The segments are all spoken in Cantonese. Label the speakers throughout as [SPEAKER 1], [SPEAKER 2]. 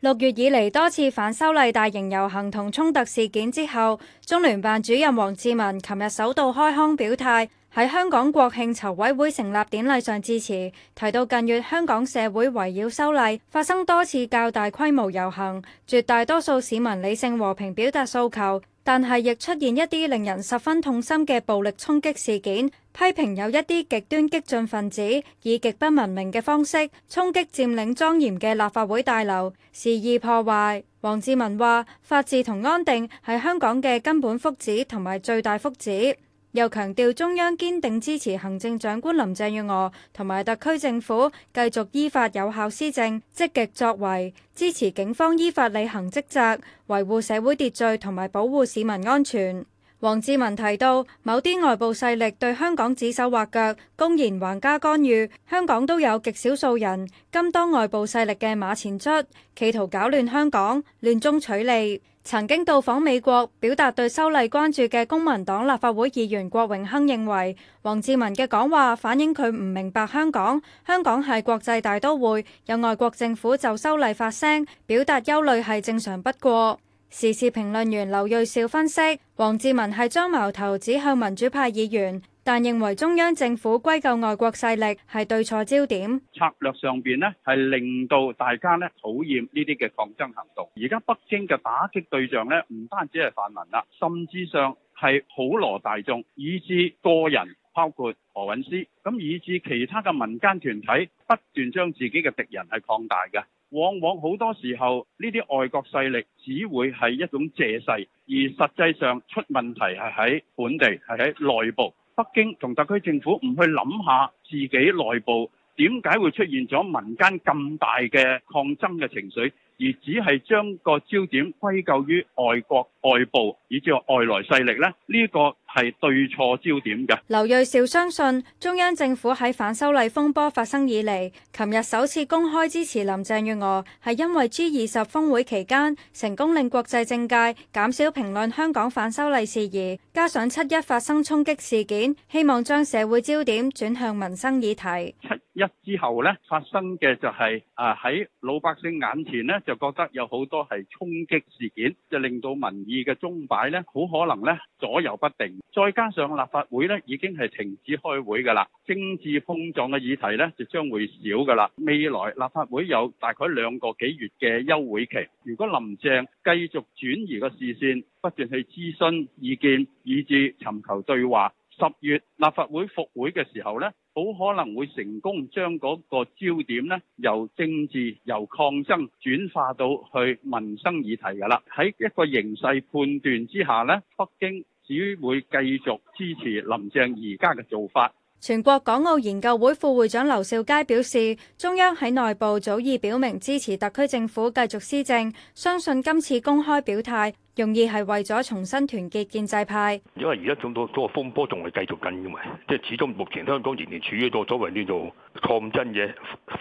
[SPEAKER 1] 六月以嚟多次反修例大型遊行同衝突事件之後，中聯辦主任王志民琴日首度開腔表態。喺香港國慶籌委會成立典禮上致辭，提到近月香港社會圍繞修例發生多次較大規模遊行，絕大多數市民理性和平表達訴求，但係亦出現一啲令人十分痛心嘅暴力衝擊事件。批評有一啲極端激進分子以極不文明嘅方式衝擊佔領莊嚴嘅立法會大樓，肆意破壞。王志民話：法治同安定係香港嘅根本福祉同埋最大福祉。又強調中央堅定支持行政長官林鄭月娥同埋特區政府繼續依法有效施政，積極作為，支持警方依法履行職責，維護社會秩序同埋保護市民安全。王志民提到，某啲外部勢力對香港指手畫腳，公然橫加干預，香港都有極少數人甘當外部勢力嘅馬前卒，企圖搞亂香港，亂中取利。曾經到訪美國表達對修例關注嘅公民黨立法會議員郭榮鏗認為，王志民嘅講話反映佢唔明白香港。香港係國際大都會，有外國政府就修例發聲，表達憂慮係正常不過。時事評論員劉銳紹分析，王志民係將矛頭指向民主派議員。但認為中央政府歸咎外國勢力係對錯焦點。
[SPEAKER 2] 策略上邊咧，係令到大家咧，討厭呢啲嘅抗爭行動。而家北京嘅打擊對象咧，唔單止係泛民啦，甚至上係普羅大眾以至個人包括何韻詩，咁以至其他嘅民間團體不斷將自己嘅敵人係擴大嘅。往往好多時候呢啲外國勢力只會係一種借勢，而實際上出問題，係喺本地，係喺內部。北京同特區政府唔去諗下自己內部點解會出現咗民間咁大嘅抗爭嘅情緒，而只係將個焦點歸咎於外國外部，以至外來勢力咧，呢個，係對錯焦點嘅。
[SPEAKER 1] 劉兆佳相信中央政府喺反修例風波發生以嚟，琴日首次公開支持林鄭月娥，係因為 G 二十峰會期間成功令國際政界減少評論香港反修例事宜，加上七一發生衝擊事件，希望將社會焦點轉向民生議題。
[SPEAKER 2] 一之後咧，發生嘅就係啊喺老百姓眼前呢，就覺得有好多係衝擊事件，就令到民意嘅鐘擺咧，好可能咧左右不定。再加上立法會咧已經係停止開會㗎啦，政治碰撞嘅議題咧就將會少㗎啦。未來立法會有大概兩個幾月嘅休會期，如果林鄭繼續轉移個視線，不斷去諮詢意見，以至尋求對話。十月立法會復會嘅時候呢，好可能會成功將嗰個焦點呢，由政治由抗爭轉化到去民生議題㗎喇。喺一個形勢判斷之下呢，北京只會繼續支持林鄭而家嘅做法。
[SPEAKER 1] 全國港澳研究會副會長劉兆佳表示，中央喺內部早已表明支持特區政府繼續施政，相信今次公開表態，容易係為咗重新團結建制派。
[SPEAKER 3] 因為而家仲都都個風波仲係繼續緊噶嘛，即係始終目前香港仍然處於一個所謂呢度，抗爭嘅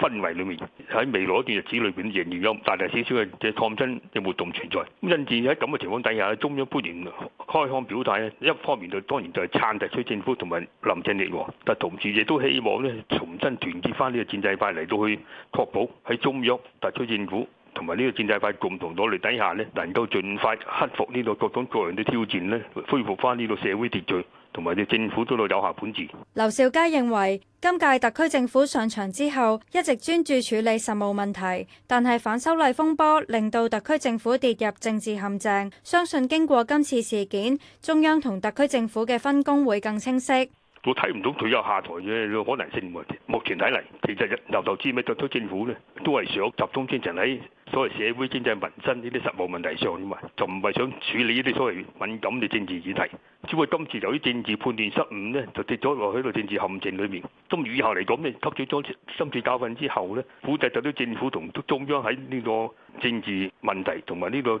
[SPEAKER 3] 氛圍裏面，喺未來一段日子裏邊仍然有大大小小嘅即係抗爭嘅活動存在，因此喺咁嘅情況底下，中央官員開腔表態咧，一方面就當然就係撐特區政府同埋林鄭月娥，但同時亦都希望咧重新團結翻呢個建制派，嚟到去確保喺中央、特區政府同埋呢個建制派共同努力底下咧，能夠盡快克服呢個各種各樣嘅挑戰咧，恢復翻呢個社會秩序。同埋啲政府都要有下本事。
[SPEAKER 1] 劉兆佳認為，今屆特區政府上場之後，一直專注處理實務問題，但係反修例風波令到特區政府跌入政治陷阱。相信經過今次事件，中央同特區政府嘅分工會更清晰。
[SPEAKER 3] 我睇唔到佢有下台嘅可能性，目前睇嚟，其實由頭至尾特區政府咧，都係想集中精神喺所謂社會經濟民生呢啲實務問題上，嘛，就唔係想處理呢啲所謂敏感嘅政治議題。只不過今次由於政治判斷失誤呢，就跌咗落去度政治陷阱裏面。中宇以後嚟講呢，吸取咗深切教訓之後呢，負責就啲政府同中央喺呢個政治問題同埋呢個。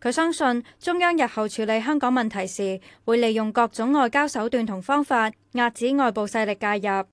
[SPEAKER 1] 佢相信中央日後處理香港問題時，會利用各種外交手段同方法，壓制外部勢力介入。